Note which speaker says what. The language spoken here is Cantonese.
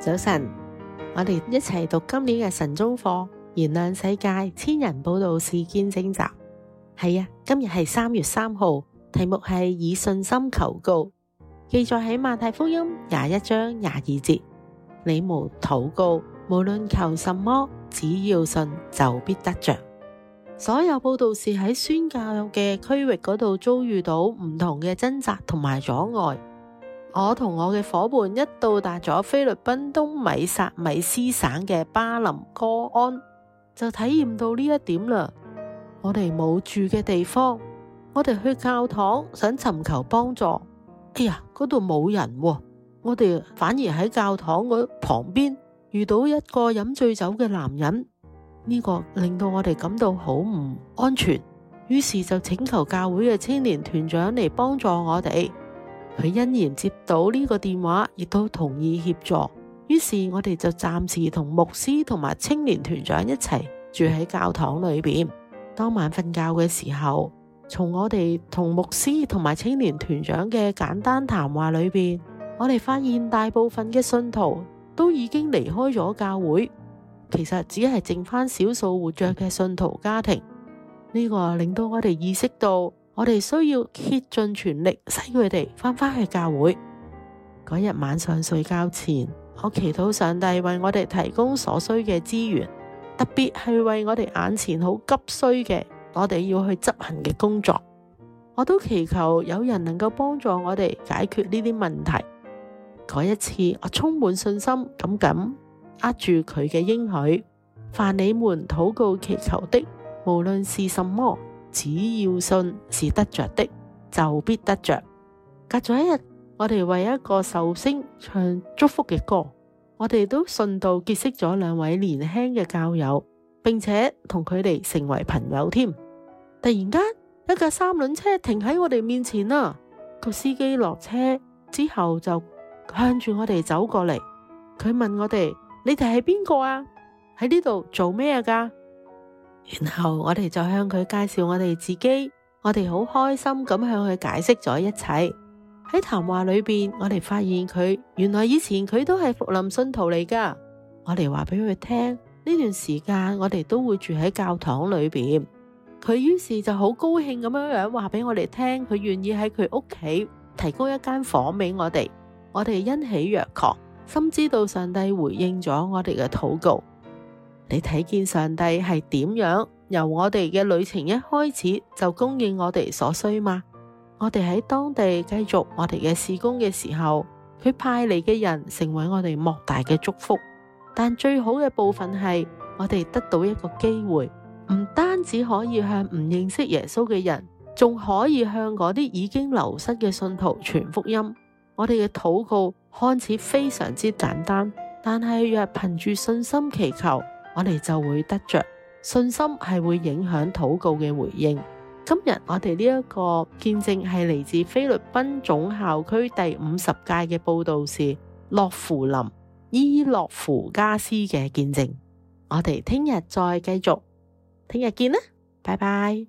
Speaker 1: 早晨，我哋一齊讀今年嘅晨鐘課《燃亮世界千人佈道士見證集》。係啊，今日係三月三號，題目係以信心求告，記載喺《馬太福音》廿一章廿二節。你無禱告，無論求什麼，只要信，就必得着。所有佈道士喺宣教嘅區域嗰度，遭遇到唔同嘅掙扎同埋阻礙。我同我嘅伙伴一到達咗菲律賓東米薩米斯省嘅巴林哥安，就體驗到呢一點啦。我哋冇住嘅地方，我哋去教堂想尋求幫助。哎呀，嗰度冇人喎、啊，我哋反而喺教堂嘅旁邊遇到一個飲醉酒嘅男人，呢、這個令到我哋感到好唔安全，於是就請求教會嘅青年團長嚟幫助我哋。佢欣然接到呢個電話，亦都同意協助。於是我哋就暫時同牧師同埋青年團長一齊住喺教堂裏邊。當晚瞓覺嘅時候，從我哋同牧師同埋青年團長嘅簡單談話裏邊，我哋發現大部分嘅信徒都已經離開咗教會，其實只係剩翻少數活着嘅信徒家庭。呢個令到我哋意識到。我哋需要竭盡全力使佢哋翻返去教會。嗰日晚上睡覺前，我祈禱上帝為我哋提供所需嘅資源，特別係為我哋眼前好急需嘅，我哋要去執行嘅工作。我都祈求有人能夠幫助我哋解決呢啲問題。嗰一次，我充滿信心咁咁，握住佢嘅應許。凡你們禱告祈求的，無論是什麼。只要信是得着的，就必得着。隔咗一日，我哋為一個壽星唱祝福嘅歌，我哋都順道結識咗兩位年輕嘅教友，並且同佢哋成為朋友添。突然間，一架三輪車停喺我哋面前啦，個司機落車之後就向住我哋走過嚟，佢問我哋：你哋係邊個啊？喺呢度做咩啊？噶？然後我哋就向佢介紹我哋自己，我哋好開心咁向佢解釋咗一切。喺談話裏邊，我哋發現佢原來以前佢都係復臨信徒嚟噶。我哋話俾佢聽，呢段時間我哋都會住喺教堂裏邊。佢於是就好高興咁樣樣話俾我哋聽，佢願意喺佢屋企提供一間房俾我哋。我哋欣喜若狂，深知道上帝回應咗我哋嘅禱告。你睇見上帝係點樣？由我哋嘅旅程一開始就供應我哋所需嗎？我哋喺當地繼續我哋嘅事工嘅時候，佢派嚟嘅人成為我哋莫大嘅祝福。但最好嘅部分係我哋得到一個機會，唔單止可以向唔認識耶穌嘅人，仲可以向嗰啲已經流失嘅信徒傳福音。我哋嘅禱告看似非常之簡單，但係若憑住信心祈求。我哋就會得着信心，係會影響禱告嘅回應。今日我哋呢一個見證係嚟自菲律賓總校區第五十屆嘅佈道士洛芙林伊洛芙加斯嘅見證。我哋聽日再繼續，聽日見啦，拜拜。